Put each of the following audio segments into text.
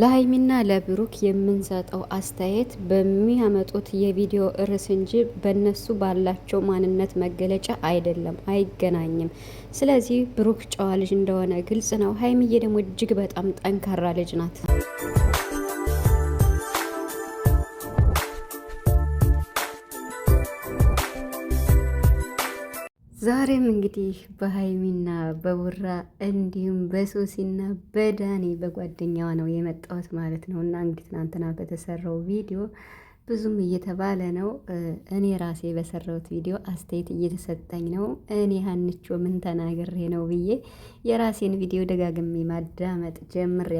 ለሀይሚና ለብሩክ የምንሰጠው አስተያየት በሚያመጡት የቪዲዮ ርዕስ እንጂ በነሱ ባላቸው ማንነት መገለጫ አይደለም፣ አይገናኝም። ስለዚህ ብሩክ ጨዋ ልጅ እንደሆነ ግልጽ ነው። ሀይሚዬ ደግሞ እጅግ በጣም ጠንካራ ልጅ ናት። ዛሬም እንግዲህ በሀይሚና በቡራ እንዲሁም በሶሲና በዳኒ በጓደኛዋ ነው የመጣሁት ማለት ነው። እና እንግዲህ ትናንትና በተሰራው ቪዲዮ ብዙም እየተባለ ነው። እኔ ራሴ በሰራሁት ቪዲዮ አስተያየት እየተሰጠኝ ነው። እኔ ሀንቾ ምን ተናግሬ ነው ብዬ የራሴን ቪዲዮ ደጋግሜ ማዳመጥ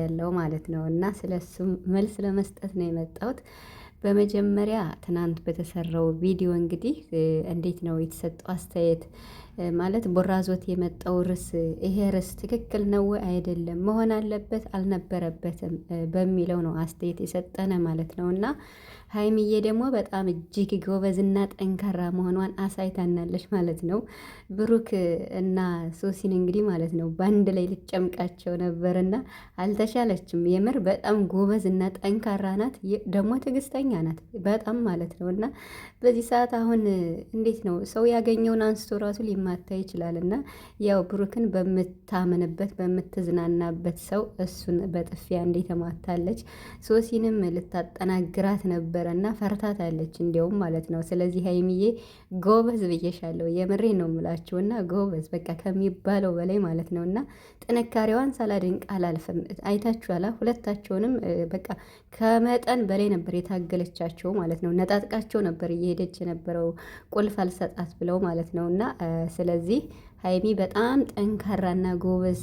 ያለው ማለት ነው። እና ስለሱም መልስ ለመስጠት ነው የመጣሁት። በመጀመሪያ ትናንት በተሰራው ቪዲዮ እንግዲህ እንዴት ነው የተሰጠው አስተያየት ማለት ቦራዞት የመጣው ርዕስ ይሄ ርዕስ ትክክል ነው አይደለም፣ መሆን አለበት አልነበረበትም በሚለው ነው አስተያየት የሰጠነ ማለት ነው። እና ሀይሚዬ ደግሞ በጣም እጅግ ጎበዝና ጠንካራ መሆኗን አሳይታናለች ማለት ነው። ብሩክ እና ሶሲን እንግዲህ ማለት ነው በአንድ ላይ ልጨምቃቸው ነበርና አልተሻለችም። የምር በጣም ጎበዝና ጠንካራ ናት፣ ደግሞ ትዕግስተኛ ናት በጣም ማለት ነው። እና በዚህ ሰዓት አሁን እንዴት ነው ሰው ያገኘውን አንስቶ ራሱ ማታ ይችላል እና ያው ብሩክን በምታምንበት በምትዝናናበት ሰው እሱን በጥፊያ እንዴ ማታለች ሶሲንም ልታጠናግራት ነበረ እና ፈርታታለች እንዲያውም ማለት ነው። ስለዚህ ሀይሚዬ ጎበዝ ብዬሻለሁ። የምሬ ነው የምላችሁ እና ጎበዝ በቃ ከሚባለው በላይ ማለት ነው እና ጥንካሬዋን ሳላድንቅ አላልፍም። አይታችኋላ ሁለታቸውንም በቃ ከመጠን በላይ ነበር የታገለቻቸው ማለት ነው። ነጣጥቃቸው ነበር እየሄደች የነበረው ቁልፍ አልሰጣት ብለው ማለት ነው እና ስለዚህ ሀይሚ በጣም ጠንካራና ጎበዝ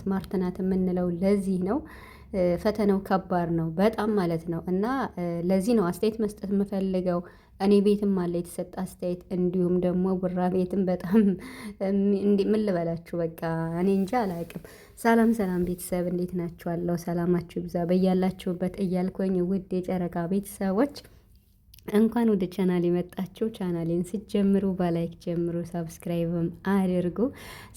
ስማርት ናት የምንለው ለዚህ ነው። ፈተናው ከባድ ነው በጣም ማለት ነው። እና ለዚህ ነው አስተያየት መስጠት የምፈልገው። እኔ ቤትም አለ የተሰጠ አስተያየት፣ እንዲሁም ደግሞ ቡራ ቤትም በጣም ምን ልበላችሁ፣ በቃ እኔ እንጂ አላቅም። ሰላም ሰላም ቤተሰብ እንዴት ናችኋለሁ? ሰላማችሁ ይብዛ በያላችሁበት እያልኩኝ ውድ የጨረቃ ቤተሰቦች እንኳን ወደ ቻናል የመጣችሁ ቻናሌን ስትጀምሩ በላይክ ጀምሩ፣ ሳብስክራይብም አድርጉ።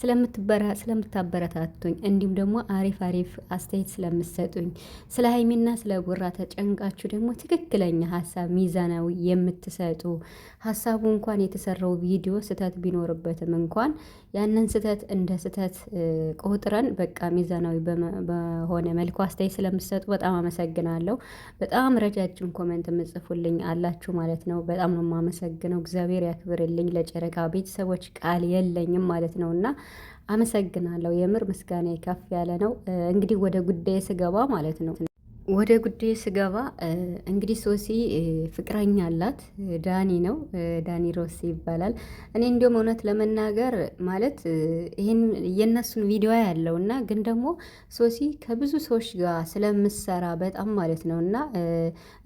ስለምታበረታቱኝ እንዲሁም ደግሞ አሪፍ አሪፍ አስተያየት ስለምትሰጡኝ ስለ ሀይሚና ስለ ጉራ ተጨንቃችሁ ደግሞ ትክክለኛ ሀሳብ ሚዛናዊ የምትሰጡ ሀሳቡ እንኳን የተሰራው ቪዲዮ ስህተት ቢኖርበትም እንኳን ያንን ስህተት እንደ ስህተት ቆጥረን በቃ ሚዛናዊ በሆነ መልኩ አስተያየት ስለምትሰጡ በጣም አመሰግናለሁ። በጣም ረጃጅም ኮመንት የምጽፉልኝ አላችሁ ያላችሁ ማለት ነው። በጣም ነው የማመሰግነው። እግዚአብሔር ያክብርልኝ። ለጨረቃ ቤተሰቦች ቃል የለኝም ማለት ነው እና አመሰግናለሁ። የምር ምስጋና ከፍ ያለ ነው። እንግዲህ ወደ ጉዳይ ስገባ ማለት ነው ወደ ጉዳይ ስገባ እንግዲህ ሶሲ ፍቅረኛ አላት። ዳኒ ነው ዳኒ ሮሲ ይባላል። እኔ እንዲሁም እውነት ለመናገር ማለት ይህን የእነሱን ቪዲዮ ያለው እና ግን ደግሞ ሶሲ ከብዙ ሰዎች ጋር ስለምሰራ በጣም ማለት ነው እና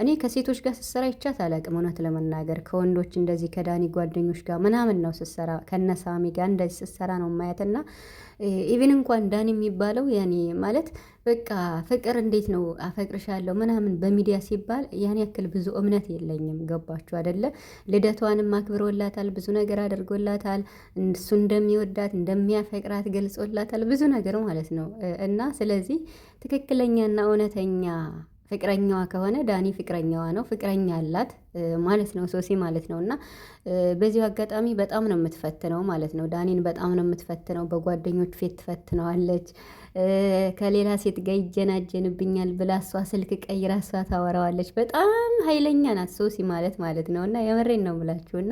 እኔ ከሴቶች ጋር ስሰራ ይቻት ታላቅም እውነት ለመናገር ከወንዶች እንደዚህ ከዳኒ ጓደኞች ጋር ምናምን ነው ስሰራ ከነሳሚ ጋር እንደዚህ ስሰራ ነው ማየት እና ኢቨን እንኳን ዳኒ የሚባለው ያኔ ማለት በቃ ፍቅር እንዴት ነው አፈቅርሻለሁ ምናምን በሚዲያ ሲባል ያን ያክል ብዙ እምነት የለኝም። ገባችሁ አደለ? ልደቷንም አክብሮላታል፣ ብዙ ነገር አድርጎላታል። እሱ እንደሚወዳት እንደሚያፈቅራት ገልጾላታል፣ ብዙ ነገር ማለት ነው። እና ስለዚህ ትክክለኛና እውነተኛ ፍቅረኛዋ ከሆነ ዳኒ ፍቅረኛዋ ነው፣ ፍቅረኛ አላት ማለት ነው፣ ሶሲ ማለት ነው። እና በዚሁ አጋጣሚ በጣም ነው የምትፈትነው ማለት ነው። ዳኒን በጣም ነው የምትፈትነው። በጓደኞች ፊት ትፈትነዋለች። ከሌላ ሴት ጋር ይጀናጀንብኛል ብላ እሷ ስልክ ቀይራ እሷ ታወራዋለች። በጣም ኃይለኛ ናት ሶሲ ማለት ማለት ነው። እና የምሬን ነው ብላችሁ እና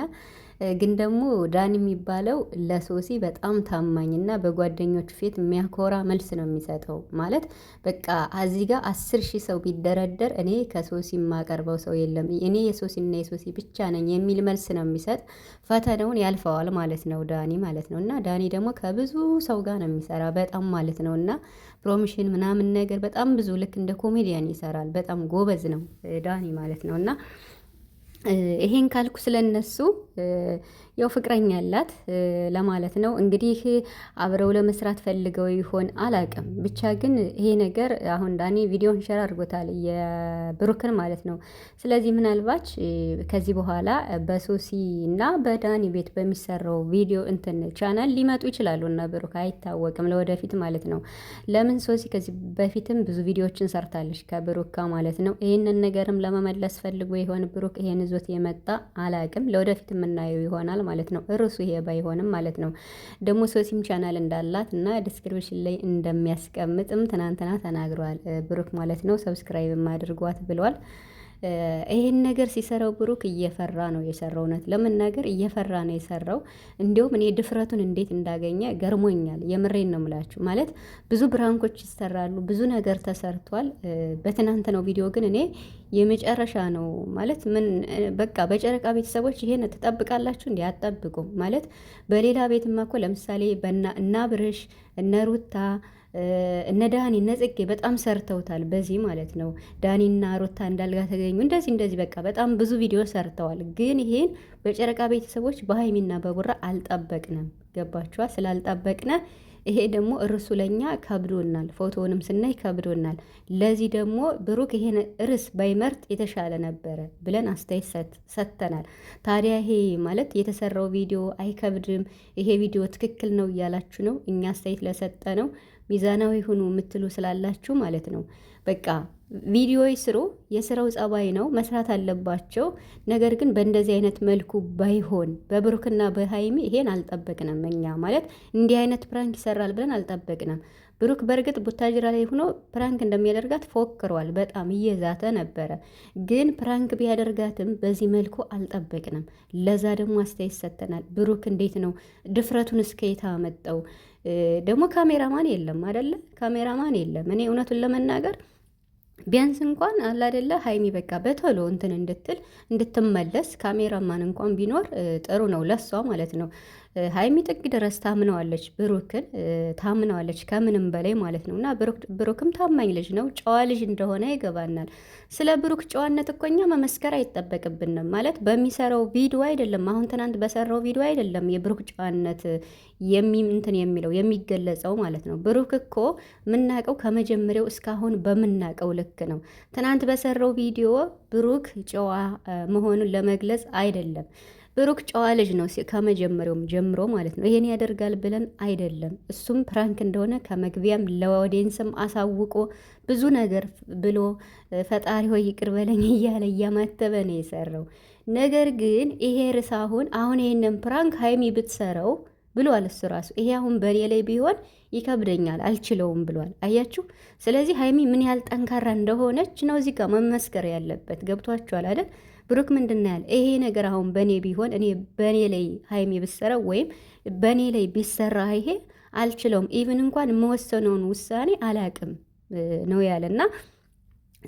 ግን ደግሞ ዳኒ የሚባለው ለሶሲ በጣም ታማኝና በጓደኞቹ ፊት የሚያኮራ መልስ ነው የሚሰጠው። ማለት በቃ እዚህ ጋር አስር ሺህ ሰው ቢደረደር እኔ ከሶሲ የማቀርበው ሰው የለም እኔ የሶሲና የሶሲ ብቻ ነኝ የሚል መልስ ነው የሚሰጥ። ፈተናውን ያልፈዋል ማለት ነው ዳኒ ማለት ነው። እና ዳኒ ደግሞ ከብዙ ሰው ጋር ነው የሚሰራ በጣም ማለት ነው። እና ፕሮሚሽን ምናምን ነገር በጣም ብዙ ልክ እንደ ኮሜዲያን ይሰራል። በጣም ጎበዝ ነው ዳኒ ማለት ነው እና ይሄን ካልኩ ስለነሱ ያው ፍቅረኛ አላት ለማለት ነው። እንግዲህ አብረው ለመስራት ፈልገው ይሆን አላቅም። ብቻ ግን ይሄ ነገር አሁን ዳኒ ቪዲዮን ሸር አድርጎታል የብሩክን ማለት ነው። ስለዚህ ምናልባች ከዚህ በኋላ በሶሲ እና በዳኒ ቤት በሚሰራው ቪዲዮ እንትን ቻናል ሊመጡ ይችላሉ እና ብሩክ አይታወቅም ለወደፊት ማለት ነው። ለምን ሶሲ ከዚህ በፊትም ብዙ ቪዲዮዎችን ሰርታለች ከብሩካ ማለት ነው። ይህንን ነገርም ለመመለስ ፈልጎ የሆን ብሩክ ይሄን ይዞት የመጣ አላቅም። ለወደፊት የምናየው ይሆናል። ማለት ነው። ርሱ ይሄ ባይሆንም ማለት ነው። ደግሞ ሶሲም ቻናል እንዳላት እና ዲስክሪፕሽን ላይ እንደሚያስቀምጥም ትናንትና ተናግረዋል ብሩክ ማለት ነው። ሰብስክራይብ አድርጓት ብሏል። ይህን ነገር ሲሰራው ብሩክ እየፈራ ነው የሰራው። እውነት ነገር እየፈራ ነው የሰራው። እንዲሁም እኔ ድፍረቱን እንዴት እንዳገኘ ገርሞኛል። የምሬን ነው ምላችሁ። ማለት ብዙ ብራንኮች ይሰራሉ፣ ብዙ ነገር ተሰርቷል። በትናንት ነው ቪዲዮ ግን እኔ የመጨረሻ ነው ማለት ምን በቃ በጨረቃ ቤተሰቦች ይሄን ትጠብቃላችሁ? እንዲ አጠብቁም ማለት በሌላ ቤትማ እኮ ለምሳሌ እና እነሩታ እነ ሩታ እነ ዳኒ እነ ጽጌ በጣም ሰርተውታል። በዚህ ማለት ነው ዳኒና ሮታ እንዳልጋ ተገኙ እንደዚህ እንደዚህ በቃ በጣም ብዙ ቪዲዮ ሰርተዋል። ግን ይሄን በጨረቃ ቤተሰቦች በሀይሚና በቡራ አልጠበቅንም። ገባችኋ? ስላልጠበቅነ ይሄ ደግሞ እርሱ ለኛ ከብዶናል። ፎቶውንም ስናይ ከብዶናል። ለዚህ ደግሞ ብሩክ ይሄን እርስ ባይመርጥ የተሻለ ነበረ ብለን አስተያየት ሰጥተናል። ታዲያ ይሄ ማለት የተሰራው ቪዲዮ አይከብድም? ይሄ ቪዲዮ ትክክል ነው እያላችሁ ነው እኛ አስተያየት ለሰጠ ነው ሚዛናዊ ሁኑ የምትሉ ስላላችሁ ማለት ነው። በቃ ቪዲዮ ስሩ፣ የስራው ጸባይ ነው መስራት አለባቸው። ነገር ግን በእንደዚህ አይነት መልኩ ባይሆን በብሩክና በሀይሚ ይሄን አልጠበቅንም እኛ ማለት እንዲህ አይነት ፕራንክ ይሰራል ብለን አልጠበቅንም። ብሩክ በእርግጥ ቡታጅራ ላይ ሆኖ ፕራንክ እንደሚያደርጋት ፎክሯል። በጣም እየዛተ ነበረ። ግን ፕራንክ ቢያደርጋትም በዚህ መልኩ አልጠበቅንም። ለዛ ደግሞ አስተያየት ሰጥተናል። ብሩክ እንዴት ነው ድፍረቱን እስከየት አመጣው? ደግሞ ካሜራማን የለም አደለ? ካሜራማን የለም። እኔ እውነቱን ለመናገር ቢያንስ እንኳን አለ አይደለ ሀይሚ በቃ በቶሎ እንትን እንድትል እንድትመለስ ካሜራማን እንኳን ቢኖር ጥሩ ነው ለሷ ማለት ነው። ሀይሚ ጥግ ድረስ ታምነዋለች፣ ብሩክን ታምነዋለች ከምንም በላይ ማለት ነው። እና ብሩክም ታማኝ ልጅ ነው፣ ጨዋ ልጅ እንደሆነ ይገባናል። ስለ ብሩክ ጨዋነት እኮ እኛ መመስከር አይጠበቅብንም ማለት በሚሰራው ቪዲዮ አይደለም፣ አሁን ትናንት በሰራው ቪዲዮ አይደለም የብሩክ ጨዋነት እንትን የሚለው የሚገለጸው ማለት ነው። ብሩክ እኮ ምናቀው ከመጀመሪያው እስካሁን በምናቀው ልክ ነው። ትናንት በሰራው ቪዲዮ ብሩክ ጨዋ መሆኑን ለመግለጽ አይደለም። ብሩክ ጨዋ ልጅ ነው ከመጀመሪያውም ጀምሮ ማለት ነው። ይሄን ያደርጋል ብለን አይደለም። እሱም ፕራንክ እንደሆነ ከመግቢያም ለኦዲየንስም አሳውቆ ብዙ ነገር ብሎ ፈጣሪ ሆይ ይቅር በለኝ እያለ እያማተበ ነው የሰራው። ነገር ግን ይሄ ርዕስ አሁን አሁን ይሄንን ፕራንክ ሀይሚ ብትሰረው ብሏል እሱ ራሱ ይሄ አሁን በኔ ላይ ቢሆን ይከብደኛል አልችለውም ብሏል። አያችሁ። ስለዚህ ሀይሚ ምን ያህል ጠንካራ እንደሆነች ነው እዚህ ጋር መመስከር ያለበት። ገብቷችኋል አይደል? ብሩክ ምንድን ነው ያለ? ይሄ ነገር አሁን በእኔ ቢሆን እኔ በእኔ ላይ ሀይሜ ብሰራው ወይም በእኔ ላይ ቢሰራ ይሄ አልችለውም። ኢቭን እንኳን መወሰነውን ውሳኔ አላቅም ነው ያለና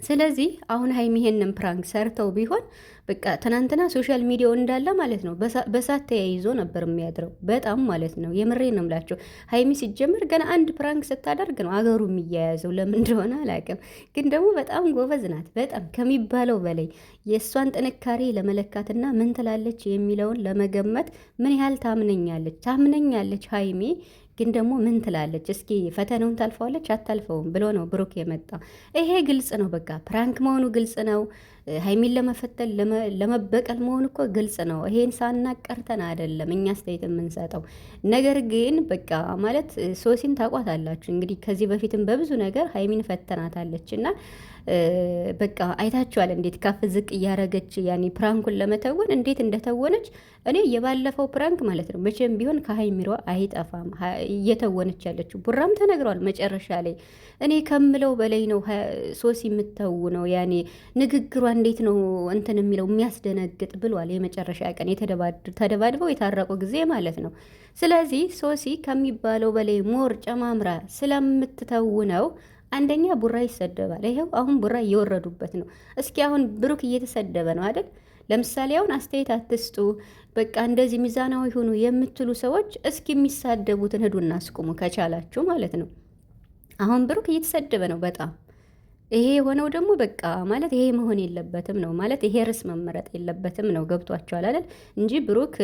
ስለዚህ አሁን ሀይሚ ይሄንን ፕራንክ ሰርተው ቢሆን በቃ ትናንትና ሶሻል ሚዲያው እንዳለ ማለት ነው በሳት ተያይዞ ነበር የሚያድረው። በጣም ማለት ነው የምሬ ነው ምላቸው። ሀይሚ ሲጀምር ገና አንድ ፕራንክ ስታደርግ ነው አገሩ የሚያያዘው። ለምን እንደሆነ አላውቅም፣ ግን ደግሞ በጣም ጎበዝ ናት። በጣም ከሚባለው በላይ የእሷን ጥንካሬ ለመለካትና ምን ትላለች የሚለውን ለመገመት ምን ያህል ታምነኛለች ታምነኛለች ሀይሜ ግን ደግሞ ምን ትላለች እስኪ ፈተናውን ታልፈዋለች አታልፈውም ብሎ ነው ብሩክ የመጣው። ይሄ ግልጽ ነው፣ በቃ ፕራንክ መሆኑ ግልጽ ነው። ሀይሚን ለመፈተን ለመበቀል መሆኑ እኮ ግልጽ ነው። ይሄን ሳናቀርተን አይደለም እኛ አስተያየት የምንሰጠው። ነገር ግን በቃ ማለት ሶሲን ታቋታላችሁ እንግዲህ ከዚህ በፊትም በብዙ ነገር ሀይሚን ፈተናታለች እና በቃ አይታችኋል፣ እንዴት ከፍ ዝቅ እያረገች ያኔ ፕራንኩን ለመተወን እንዴት እንደተወነች። እኔ የባለፈው ፕራንክ ማለት ነው መቼም ቢሆን ከሀይሚሮ አይጠፋም እየተወነች ያለችው። ቡራም ተነግሯል መጨረሻ ላይ እኔ ከምለው በላይ ነው ሶሲ ነው ያኔ ንግግሯ እንዴት ነው እንትን የሚለው የሚያስደነግጥ ብሏል። የመጨረሻ ቀን ተደባድበው የታረቁ ጊዜ ማለት ነው። ስለዚህ ሶሲ ከሚባለው በላይ ሞር ጨማምራ ስለምትተውነው አንደኛ ቡራ ይሰደባል። ይኸው አሁን ቡራ እየወረዱበት ነው። እስኪ አሁን ብሩክ እየተሰደበ ነው አይደል? ለምሳሌ አሁን አስተያየት አትስጡ፣ በቃ እንደዚህ ሚዛናዊ ሁኑ የምትሉ ሰዎች እስኪ የሚሳደቡትን ሂዱ እናስቁሙ ከቻላችሁ ማለት ነው። አሁን ብሩክ እየተሰደበ ነው በጣም ይሄ የሆነው ደግሞ በቃ ማለት ይሄ መሆን የለበትም ነው ማለት ይሄ ርዕስ መመረጥ የለበትም ነው። ገብቷቸዋል አይደል? እንጂ ብሩክ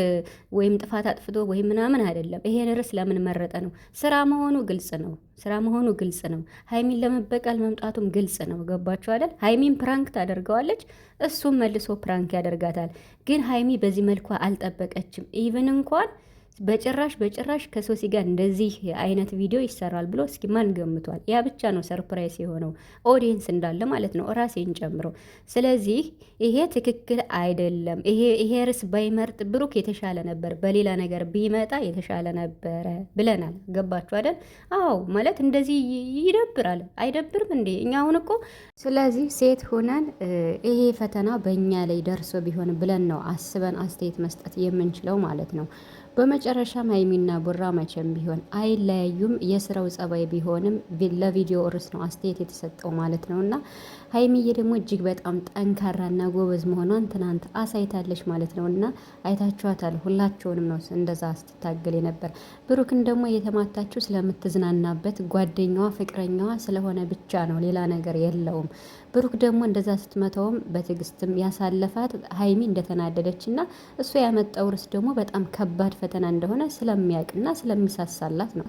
ወይም ጥፋት አጥፍቶ ወይም ምናምን አይደለም። ይሄን ርዕስ ለምን መረጠ ነው። ስራ መሆኑ ግልጽ ነው። ስራ መሆኑ ግልጽ ነው። ሀይሚን ለመበቀል መምጣቱም ግልጽ ነው። ገባችሁ ሀይሚን ፕራንክ ታደርገዋለች፣ እሱም መልሶ ፕራንክ ያደርጋታል። ግን ሀይሚ በዚህ መልኳ አልጠበቀችም። ኢቭን እንኳን በጭራሽ በጭራሽ ከሶሲ ጋር እንደዚህ አይነት ቪዲዮ ይሰራል ብሎ እስኪ ማን ገምቷል? ያ ብቻ ነው ሰርፕራይዝ የሆነው ኦዲየንስ እንዳለ ማለት ነው ራሴን ጨምሮ። ስለዚህ ይሄ ትክክል አይደለም። ይሄ ርዕስ ባይመርጥ ብሩክ የተሻለ ነበር፣ በሌላ ነገር ቢመጣ የተሻለ ነበረ ብለናል። ገባችሁ አይደል? አዎ። ማለት እንደዚህ ይደብራል። አይደብርም እንዴ? እኛ አሁን እኮ ስለዚህ ሴት ሆነን ይሄ ፈተና በእኛ ላይ ደርሶ ቢሆን ብለን ነው አስበን አስተያየት መስጠት የምንችለው ማለት ነው። በመጨረሻም ሀይሚና ቡራ መቼም ቢሆን አይለያዩም። የስራው ጸባይ ቢሆንም ለቪዲዮ ርዕስ ነው አስተያየት የተሰጠው ማለት ነው እና ሀይሚዬ ደግሞ እጅግ በጣም ጠንካራና ጎበዝ መሆኗን ትናንት አሳይታለች ማለት ነው እና አይታችኋታል። ሁላቸውንም ነው እንደዛ ስትታገል የነበር። ብሩክን ደግሞ እየተማታችው ስለምትዝናናበት ጓደኛዋ፣ ፍቅረኛዋ ስለሆነ ብቻ ነው፣ ሌላ ነገር የለውም። ብሩክ ደግሞ እንደዛ ስትመተውም በትዕግስትም ያሳለፋት ሀይሚ እንደተናደደች እና እሱ ያመጣው ርስ ደግሞ በጣም ከባድ ፈተና እንደሆነ ስለሚያውቅና ስለሚሳሳላት ነው።